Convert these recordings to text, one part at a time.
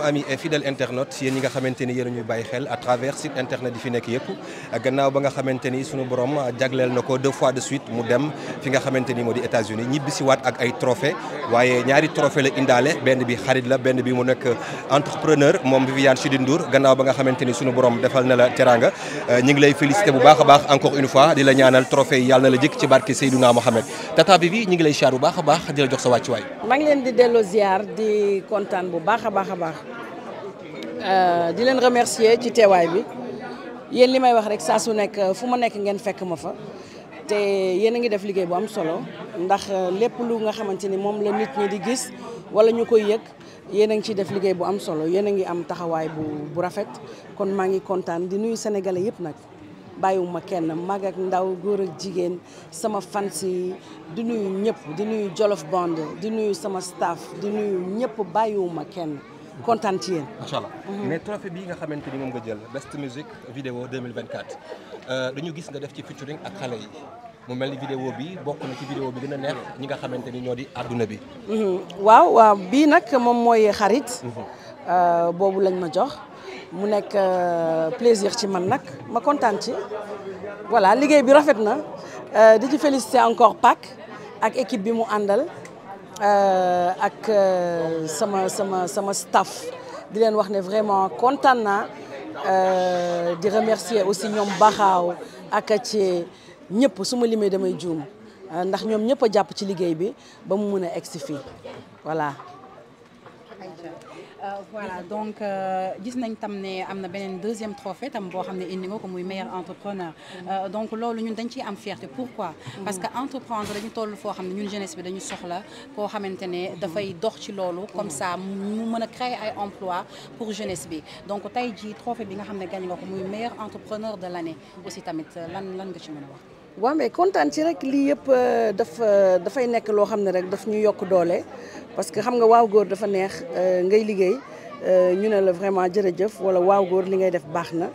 ami et fidèle internaute yéen ñi nga xamante ni yéen ñuy bàyyi xel à internet yi fi nekk yëpp gannaaw ba nga xamante suñu borom jagleel na ko deux fois de suite mu dem fi nga xamante ni moo di États-Unis ñibbisi waat ak ay trophée waaye ñaari trophée la indaale benn bi xarit la benn bi mu nekk entrepreneur moom Viviane Chidid Ndour gannaaw ba nga xamante suñu borom defal na la teranga euh, ñi ngi lay félicité bu baax baax encore une fois di la ñaanal trophée yi la jëkk ci barke Seydouna Mohamed tata bi bi ñi ngi lay siyaar a a baax a Euh, di leen remercier ci teewaay bi yéen li may wax rek saa su nekk fu ma nekk ngeen fekk ma fa te yéen a ngi def liggéey bu am solo ndax euh, lépp lu nga xamante ni moom la nit ñi di gis wala ñu koy yëg yéen a ngi ciy def liggéey bu am solo yéen a ngi am taxawaay bu bu rafet kon maa ngi kontaan di nuyu sénégalais yëpp nag. bàyyiwuma kenn mag ak ndaw góor ak jigéen sama fans yi di nuyu ñëpp di nuyu Jolof bond di nuyu sama staff di nuyu ñëpp bàyyiwuma kenn. kontaan ci yéen. incha mhm. mais trophée bii nga xamante ni moom nga jël best music vidéo 2024 euh, dañu gis nga def ci featuring ak xale yi mu mel ni vidéo bi bokk na ci vidéo bi gën a neex ñi nga xamante ni ñoo di àdduna bi. Mhm. waaw waaw bii nag moom mooy xarit. Mhm. Euh, boobu lañ ma jox. mu nekk euh, plaisir ci man nag ma kontaan ci voilà liggéey bi rafet na di ci féliciter encore Pâques ak équipe bi mu àndal. Euh, ak euh, sama sama sama staff di leen wax ne vraiment kontaan naa euh, di remercier aussi ñoom Baxaaw ak ci ñëpp suma limee damay juum ndax ñoom ñëpp a jàpp ci liggéey bi ba mu mun a egsi fii voilà. Euh, voilà donc euh, gis nañ tam ne am na beneen deuxième trophée tam boo xam ne indi nga ko muy meilleur entrepreneur euh, donc loolu ñun dañ ciy am fierté pourquoi parce que entreprendre dañu toll foo xam ne ñun jeunesse bi dañu soxla koo xamante ne dafay dox ci loolu comme ça mu mën a créer ay emploi pour jeunesse bi donc tey jii trophée bi nga xam ne gañ nga ko muy meilleur entrepreneur de l'année aussi tamit lan lan nga ci mën a wax waaw mais kontaan ci rek lii yëpp euh, daf euh, dafay nekk loo xam ne rek daf ñu yokk doole parce que xam nga waaw góor dafa neex euh, ngay liggéey ñu ne la vraiment jërëjëf wala waaw góor li ngay def baax na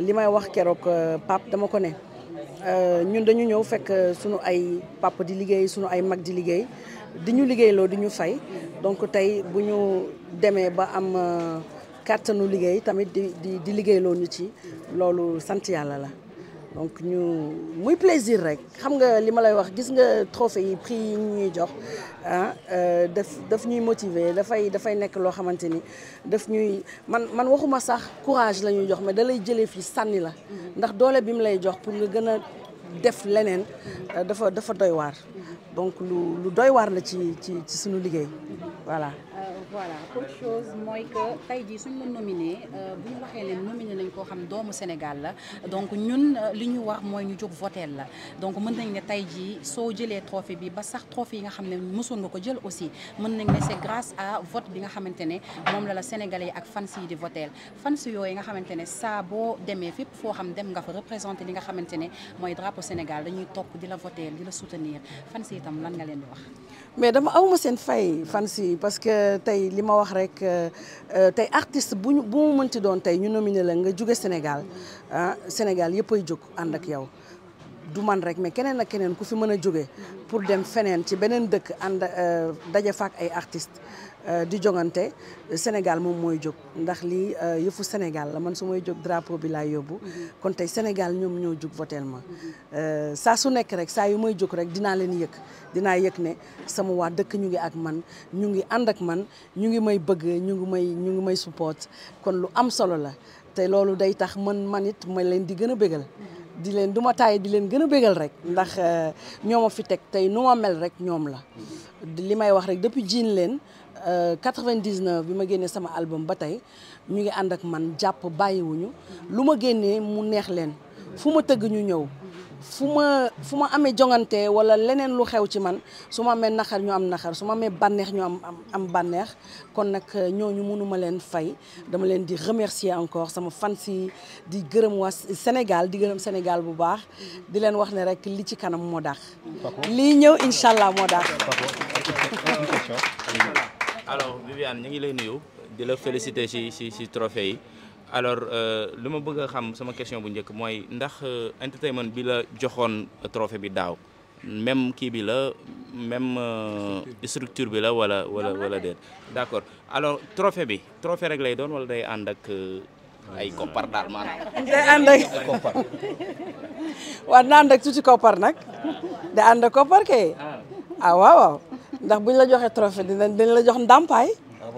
li may wax keroog Pape dama ko ne ñun dañu ñëw fekk suñu ay papa di liggéey suñu ay mag di liggéey di ñu liggéeyloo di ñu fay donc tey bu ñu demee ba am kàttanu liggéey tamit di di di liggéeyloo ñu ci loolu sant yàlla la donc ñu muy plaisir rek xam nga li ma lay wax gis nga trophée yi prix yi ñuy jox ah euh, daf daf ñuy motiver dafay dafay nekk loo xamante ni daf ñuy man man waxuma sax courage la ñuy jox ma dalay lay jëlee fii sànni la ndax doole bi mu lay jox pour nga gën a def leneen euh, dafa dafa doy waar donc lu lu doy waar la ci ci ci suñu liggéey voilà voilà autre chose mooy que tey jii suñ la nominé euh, bu waxee ne nominé nañ koo xam doomu Sénégal la donc ñun euh, li ñu wax mooy ñu jóg votel la donc mën nañ ne tey jii soo jëlee trophée bi ba sax trophée yi nga xam ne mosoon nga ko jël aussi mën nañ ne c'est grâce à vote nga xamante ne moom la la Sénégalais yi ak fans yi di voteel fans yooyu nga xamante ne saa boo demee fépp foo xam dem nga fa représenté li nga xamante ne mooy drapeau Sénégal dañuy topp di la voteel di la soutenir fans yi tam lan nga leen di wax mais dama li ma wax rek euh, euh, tey artiste bu bu mu mënti doon tey ñu nominé la nga jóge Sénégal ah Sénégal yëpp ay jóg ànd ak yow du man rek mais keneen ak keneen ku fi mën a jóge pour dem feneen ci beneen dëkk ànd euh, daje faak ay artistes Euh, di jongante Sénégal moom mooy jóg ndax lii euh, yëfu Sénégal la man su may jóg drapeau bi laay yóbbu mhm. kon tey Sénégal ñoom ñoo jóg voteel ma euh, saa su nekk rek saa yu may jóg rek dinaa leen yëg dinaa yëg ne sama waa dëkk ñu ngi ak man ñu ngi ànd ak man ñu ngi may bëgg ñu ngi may ñu ngi may support kon lu am solo la te loolu day tax man man it ma leen di gën a bégal di leen du ma di leen gën a bégal rek ndax ñoo ma fi teg tey nu ma mel rek ñoom la li may wax rek depuis jiin leen 99 euh, bi ma génnee sama album ba tey ñu ngi ànd ak man jàpp bàyyiwuñu lu ma génnee mu neex leen fu ma tëgg ñu ñëw fu ma fu ma amee jongante wala leneen lu xew ci man su ma amee naxar ñu am naxar su ma amee bànneex ñu am am bànneex kon nag euh, ñu mënuma leen fay dama leen di remercier encore sama fan si di gërëm waa Sénégal di gërëm Sénégal bu baax di leen wax ne rek li ci kanam moo daax lii ñëw incha allah moo daax alors Viviane ñu ngi lay nuyu di la féliciter ci ci trophée yi alors euh, lu ma bëgg a xam sama question bu njëkk mooy ndax euh, entertainment bi la joxoon trophée bi daaw même kii bi la même euh, structure bi la wala wala wala déet d'accord alors trophée bi trophée rek lay doon wala day ànd ak ay koppar daal maanaam. day ànd ak koppar. koppar nag. da ànd ak koppar kay. ah, ah ndax buñ la joxe trophée dinañ dañ la jox ndàmpaay. Ah,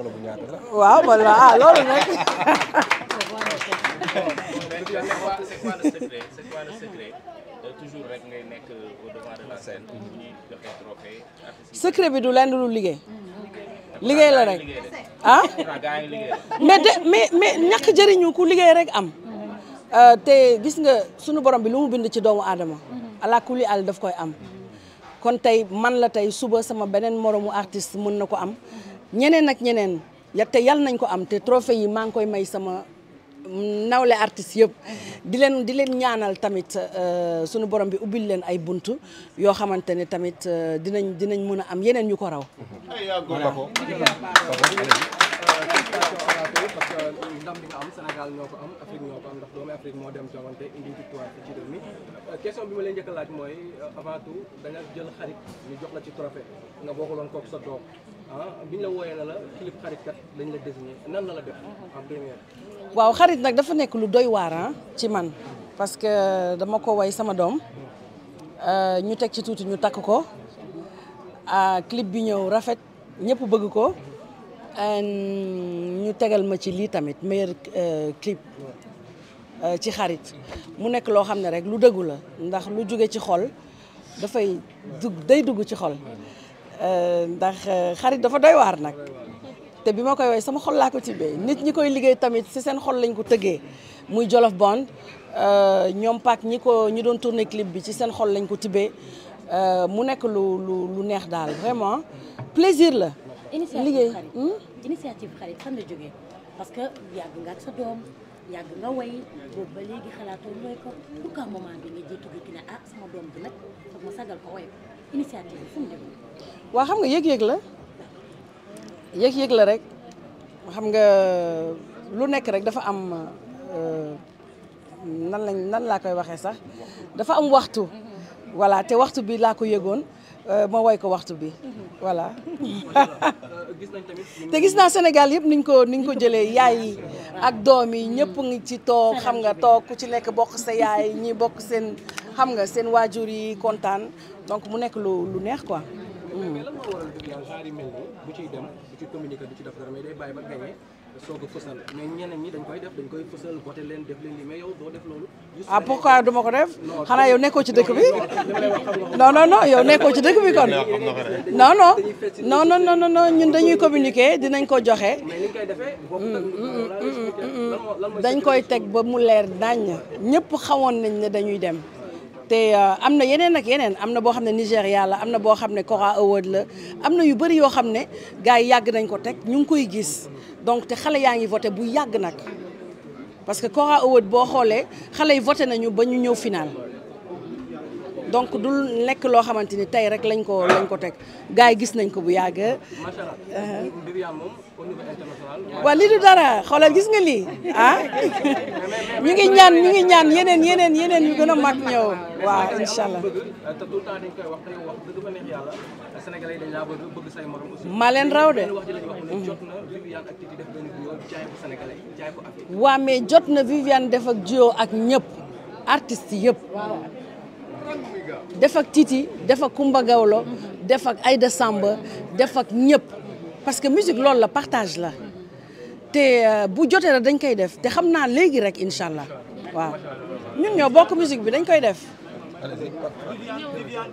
waaw wala ah, ah loolu rek bu ñuy joxe secret bi du lenn lu liggéey. liggéey la rek ah. mais de mais mais ñàkk jëriñu ku liggéey rek am. Euh, te gis nga sunu borom bi lu mu bind ci doomu aadama. ala kulli àll daf koy am. kon tey man la tey suba sama beneen moromu artiste mën na ko am ñeneen ak ñeneen ya te yal nañ ko am te trophée yi maa ngi koy may sama nawle artistes yëpp di leen di leen ñaanal tamit euh, sunu borom bi ubbil leen ay bunt yoo xamante ne tamit euh, dinañ dinañ mën a am yeneen yu ko raw parce que ndam bi am Sénégal ñoo ko am Afrique ñoo moo dem jongante indi victoire ci njëkk laaj mooy avant tout jël xarit ñu jox la ci trophée nga bokkaloon kook sa doom ah bi ñu la wooyee na la Philippe xarit kat dañ la désigné nan la la def waaw xarit nag dafa nekk lu doy waar ah, ci man parce que dama ko woy sama doom euh, ñu teg ci tuuti ñu takk ko ah, clip bi ñëw rafet ñëpp bëgg ko. ñu tegal ma ci lii tamit meilleur euh, clip euh, ci xarit mu nekk loo xam ne rek lu dëggu la ndax lu jóge ci xol dafay dugg day dugg ci xol euh, ndax xarit dafa doy waar nag te bi ma koy woy sama xol laa ko tibbee nit ñi koy liggéey tamit seen xol lañ ko tëggee muy Jolof Band ñoom Pac ñi ko ñi doon tourné clip bi ci seen xol lañ ko tibbee mu nekk lu lu lu neex daal vraiment plaisir la liggéey hmm? initiative xarit fan la jógee parce que yàgg nga ak sa doom yàgg nga way boobu ba léegi xalaatoo mooy ko pourquoi moment bi nga jékki-jékki ne ah sama doom bi nag waa xam nga yëg-yëg la yëg-yëg la rek xam nga lu nekk rek dafa am euh, nan lañ nan laa koy waxee sax dafa am waxtu mhm. voilà te waxtu bi laa ko yëgoon Euh, ma woy ko waxtu bi mhm. voilà te gis naa Sénégal yëpp niñ ko niñ ko jëlee yaay yi ak doom yi ñëpp ngi ci toog xam nga toog ku ci nekk bokk sa yaay ñi bokk seen xam nga seen waajur yi kontaan donc mu nekk lu lu neex quoi mais mm. lan ciy dem bu ci communiquer bu ci def soo ko fësal ñeneen ñi dañ koy def dañ koy fësal voté leen def leen mais yow doo def loolu. ah pourquoi du ko def xanaa yow nekkoo ci dëkk bi non non non yow nekkoo ci dëkk bi kon non non non non non non ñun dañuy communiquer dinañ ko joxe dañ koy teg ba mu leer nañ ñëpp xawoon nañ ne dañuy dem. te euh, am na yeneen nag yeneen am na boo xam ne Nigéria la am na boo xam ne Cora Award la am na yu bëri yoo xam ne gars yi yàgg nañ ko teg ñu ngi koy gis donc te xale yaa ngi voté bu yàgg nag parce que Cora Award boo xoolee xale yi voté nañu ba ñu ñëw final donc du nekk loo xamante ni tey rek lañ ko lañ ko teg gars yi gis nañ ko bu yàgg. macha allah euh, moom au gis nga lii ah ñu ngi ñaan ñu ngi ñaan yeneen yeneen yeneen yu gën a mag ñëw waaw euh, leen raw de. Mhm. waaw mais jot na Viviane def ak duo ak ñëpp artistes yëp def ak Titi def ak Kumba Gawlo def ak Aïda Samba def ak ñëpp parce que musique loolu la partage la te euh, bu jotee la dañ koy def te xam naa léegi rek incha allah waaw ñun ñoo bokk musique bi dañ koy def. Viviane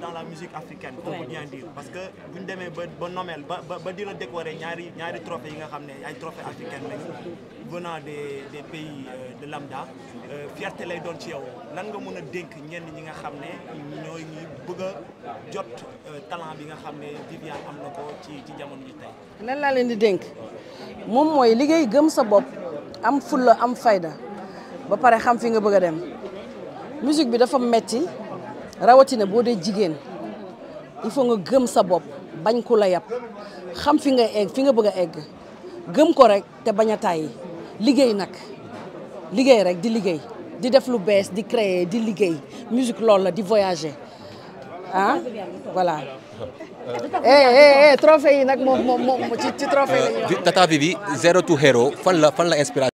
dans la musique africaine. on peut bien dire parce que bu ñu demee ba ba ba ba di la décorer ñaari ñaari trophées yi nga xam ne ay trophées africaines lañu venant des pays euh, de euh, fierté lay doon ci yow lan nga mën a dénk ñeen ñi nga xam ne ñooy ñi bëgg a jot euh, talent bi nga xam ne Viviane am na ko ci ci jamono ji tey. lan laa leen di dénk moom mooy liggéey gëm sa bopp am fulla am fayda ba pare xam fi nga bëgg a dem. musique bi dafa metti rawatina boo dee jigéen il faut nga gëm sa bopp bañ ku la yab xam fi nga egg fi nga bëgg a egg gëm ko rekk te bañ a tàyyi liggéey nag liggéey rek di liggéey di def lu bees di créer di liggéey musique loolu la di voyager ah voilà. eh eh, eh trophée yi nag moom moom ci trophée la ñuy wax. Tata Bibi Zero to fan la fan la inspiration.